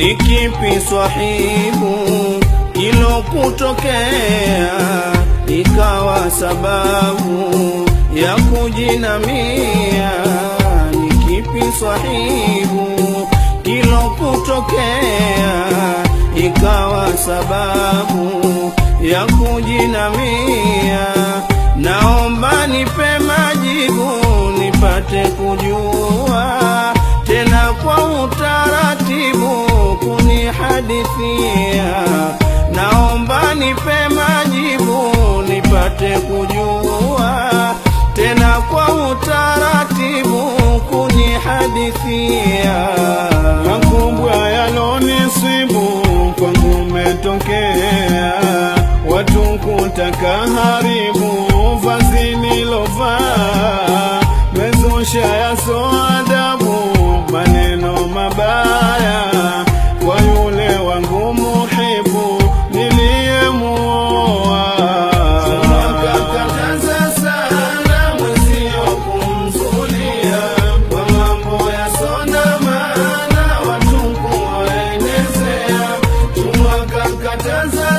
Ni kipi swahibu ilokutokea ikawa sababu ya kujinamia? Ni kipi swahibu ilokutokea ikawa sababu ya kujinamia? Naomba nipe majibu nipate kujua utaratibu kunihadithia, naomba nipe majibu nipate kujua tena kwa utaratibu kunihadithia makubwa yalonisibu kwangu metokea watu kutaka haribu vazi nilovaa mezusha soada mabaya kwa yule wangu muhibu niliyemuoa. Tunamkataza sana mwenzio kumzulia kwa mambo maana watu kuwaelezea, tunamkataza